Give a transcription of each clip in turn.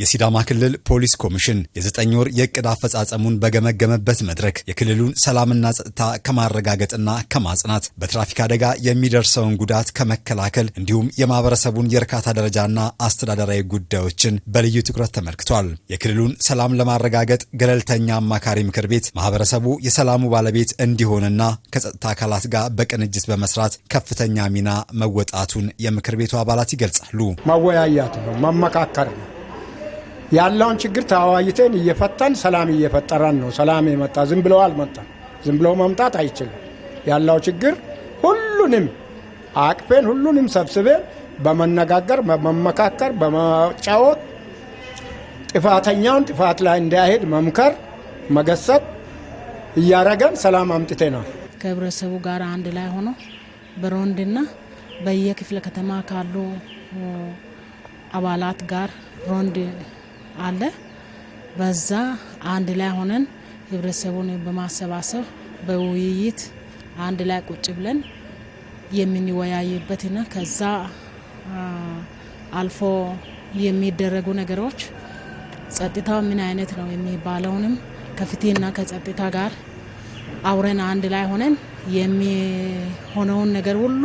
የሲዳማ ክልል ፖሊስ ኮሚሽን የዘጠኝ ወር የእቅድ አፈጻጸሙን በገመገመበት መድረክ የክልሉን ሰላምና ጸጥታ ከማረጋገጥና ከማጽናት በትራፊክ አደጋ የሚደርሰውን ጉዳት ከመከላከል እንዲሁም የማህበረሰቡን የእርካታ ደረጃና አስተዳደራዊ ጉዳዮችን በልዩ ትኩረት ተመልክቷል። የክልሉን ሰላም ለማረጋገጥ ገለልተኛ አማካሪ ምክር ቤት ማህበረሰቡ የሰላሙ ባለቤት እንዲሆንና ከጸጥታ አካላት ጋር በቅንጅት በመስራት ከፍተኛ ሚና መወጣቱን የምክር ቤቱ አባላት ይገልጻሉ። ማወያያት ነው፣ ማመካከር ነው ያለውን ችግር ተዋይተን እየፈታን ሰላም እየፈጠረን ነው። ሰላም የመጣ ዝም ብለው አልመጣም። ዝም ብለው መምጣት አይችልም። ያለው ችግር ሁሉንም አቅፌን ሁሉንም ሰብስቤን በመነጋገር በመመካከር፣ በመጫወት ጥፋተኛውን ጥፋት ላይ እንዳይሄድ መምከር፣ መገሰጥ እያረገን ሰላም ነው። ከህብረተሰቡ ጋር አንድ ላይ ሆኖ በሮንድና በየክፍለ ከተማ ካሉ አባላት ጋር ሮንድ አለ። በዛ አንድ ላይ ሆነን ህብረተሰቡን በማሰባሰብ በውይይት አንድ ላይ ቁጭ ብለን የምንወያይበትና ከዛ አልፎ የሚደረጉ ነገሮች ጸጥታው ምን አይነት ነው የሚባለውንም ከፍትህና ከጸጥታ ጋር አውረን አንድ ላይ ሆነን የሚሆነውን ነገር ሁሉ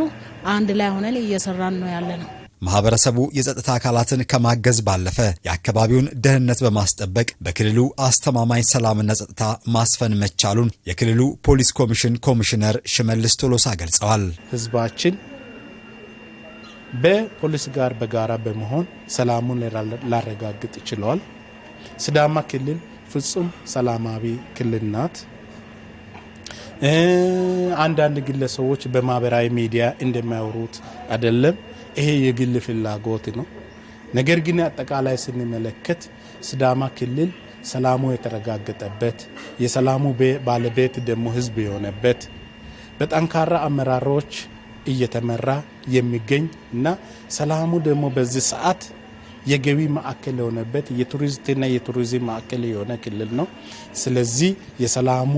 አንድ ላይ ሆነን እየሰራን ነው ያለ ነው። ማህበረሰቡ የጸጥታ አካላትን ከማገዝ ባለፈ የአካባቢውን ደህንነት በማስጠበቅ በክልሉ አስተማማኝ ሰላምና ጸጥታ ማስፈን መቻሉን የክልሉ ፖሊስ ኮሚሽን ኮሚሽነር ሽመልስ ቶሎሳ ገልጸዋል። ህዝባችን በፖሊስ ጋር በጋራ በመሆን ሰላሙን ላረጋግጥ ችለዋል። ስዳማ ክልል ፍጹም ሰላማዊ ክልል ናት። አንዳንድ ግለሰቦች በማህበራዊ ሚዲያ እንደሚያወሩት አይደለም። ይሄ የግል ፍላጎት ነው። ነገር ግን አጠቃላይ ስንመለከት ስዳማ ክልል ሰላሙ የተረጋገጠበት የሰላሙ ባለቤት ደግሞ ህዝብ የሆነበት በጠንካራ አመራሮች እየተመራ የሚገኝ እና ሰላሙ ደግሞ በዚህ ሰዓት የገቢ ማዕከል የሆነበት የቱሪስትና የቱሪዝም ማዕከል የሆነ ክልል ነው። ስለዚህ የሰላሙ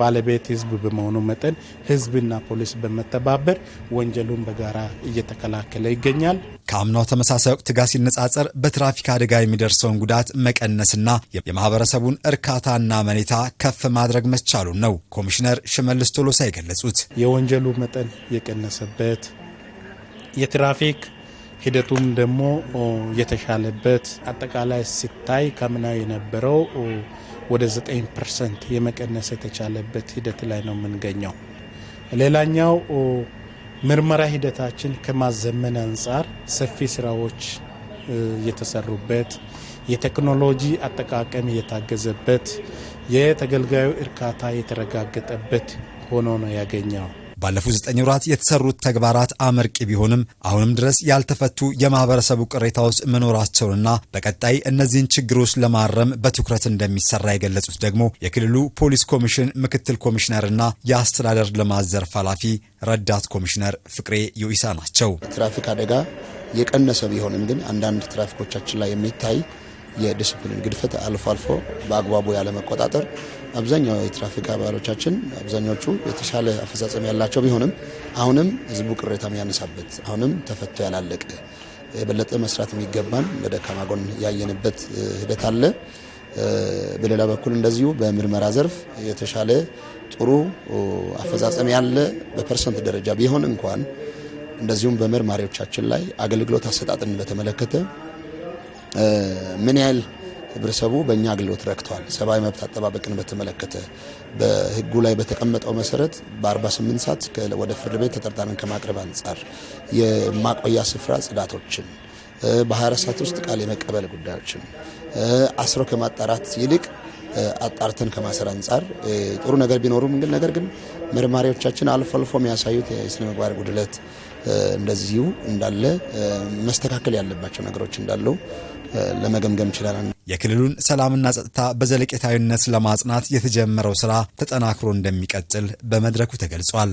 ባለቤት ህዝብ በመሆኑ መጠን ህዝብና ፖሊስ በመተባበር ወንጀሉን በጋራ እየተከላከለ ይገኛል። ከአምናው ተመሳሳይ ወቅት ጋር ሲነጻጸር በትራፊክ አደጋ የሚደርሰውን ጉዳት መቀነስና የማህበረሰቡን እርካታና መኔታ ከፍ ማድረግ መቻሉን ነው ኮሚሽነር ሽመልስ ቶሎሳ የገለጹት። የወንጀሉ መጠን የቀነሰበት የትራፊክ ሂደቱም ደግሞ የተሻለበት አጠቃላይ ሲታይ ከምና የነበረው ወደ 9 ፐርሰንት የመቀነስ የተቻለበት ሂደት ላይ ነው የምንገኘው። ሌላኛው ምርመራ ሂደታችን ከማዘመን አንጻር ሰፊ ስራዎች የተሰሩበት የቴክኖሎጂ አጠቃቀም የታገዘበት የተገልጋዩ እርካታ የተረጋገጠበት ሆኖ ነው ያገኘው። ባለፉት ዘጠኝ ወራት የተሰሩት ተግባራት አመርቂ ቢሆንም አሁንም ድረስ ያልተፈቱ የማህበረሰቡ ቅሬታዎች መኖራቸውንና በቀጣይ እነዚህን ችግሮች ለማረም በትኩረት እንደሚሰራ የገለጹት ደግሞ የክልሉ ፖሊስ ኮሚሽን ምክትል ኮሚሽነርና የአስተዳደር ልማት ዘርፍ ኃላፊ ረዳት ኮሚሽነር ፍቅሬ ዮኢሳ ናቸው። ትራፊክ አደጋ የቀነሰ ቢሆንም ግን አንዳንድ ትራፊኮቻችን ላይ የሚታይ የዲስፕሊን ግድፈት አልፎ አልፎ በአግባቡ ያለመቆጣጠር አብዛኛው የትራፊክ አባሎቻችን አብዛኞቹ የተሻለ አፈጻጸም ያላቸው ቢሆንም አሁንም ህዝቡ ቅሬታ የሚያነሳበት አሁንም ተፈቶ ያላለቀ የበለጠ መስራት የሚገባን በደካማጎን ጎን ያየንበት ሂደት አለ። በሌላ በኩል እንደዚሁ በምርመራ ዘርፍ የተሻለ ጥሩ አፈጻጸም ያለ በፐርሰንት ደረጃ ቢሆን እንኳን እንደዚሁም በመርማሪዎቻችን ላይ አገልግሎት አሰጣጥን በተመለከተ ምን ያህል ህብረተሰቡ በእኛ አገልግሎት ረክቷል። ሰብአዊ መብት አጠባበቅን በተመለከተ በህጉ ላይ በተቀመጠው መሰረት በ48 ሰዓት ወደ ፍርድ ቤት ተጠርጣሪን ከማቅረብ አንጻር የማቆያ ስፍራ ጽዳቶችን በ24 ሰዓት ውስጥ ቃል የመቀበል ጉዳዮችን አስሮ ከማጣራት ይልቅ አጣርተን ከማሰር አንጻር ጥሩ ነገር ቢኖሩም ግን ነገር ግን መርማሪዎቻችን አልፎ አልፎ የሚያሳዩት የስነ ምግባር ጉድለት እንደዚሁ እንዳለ መስተካከል ያለባቸው ነገሮች እንዳለው ለመገምገም ይችላል። የክልሉን ሰላምና ጸጥታ በዘለቄታዊነት ለማጽናት የተጀመረው ስራ ተጠናክሮ እንደሚቀጥል በመድረኩ ተገልጿል።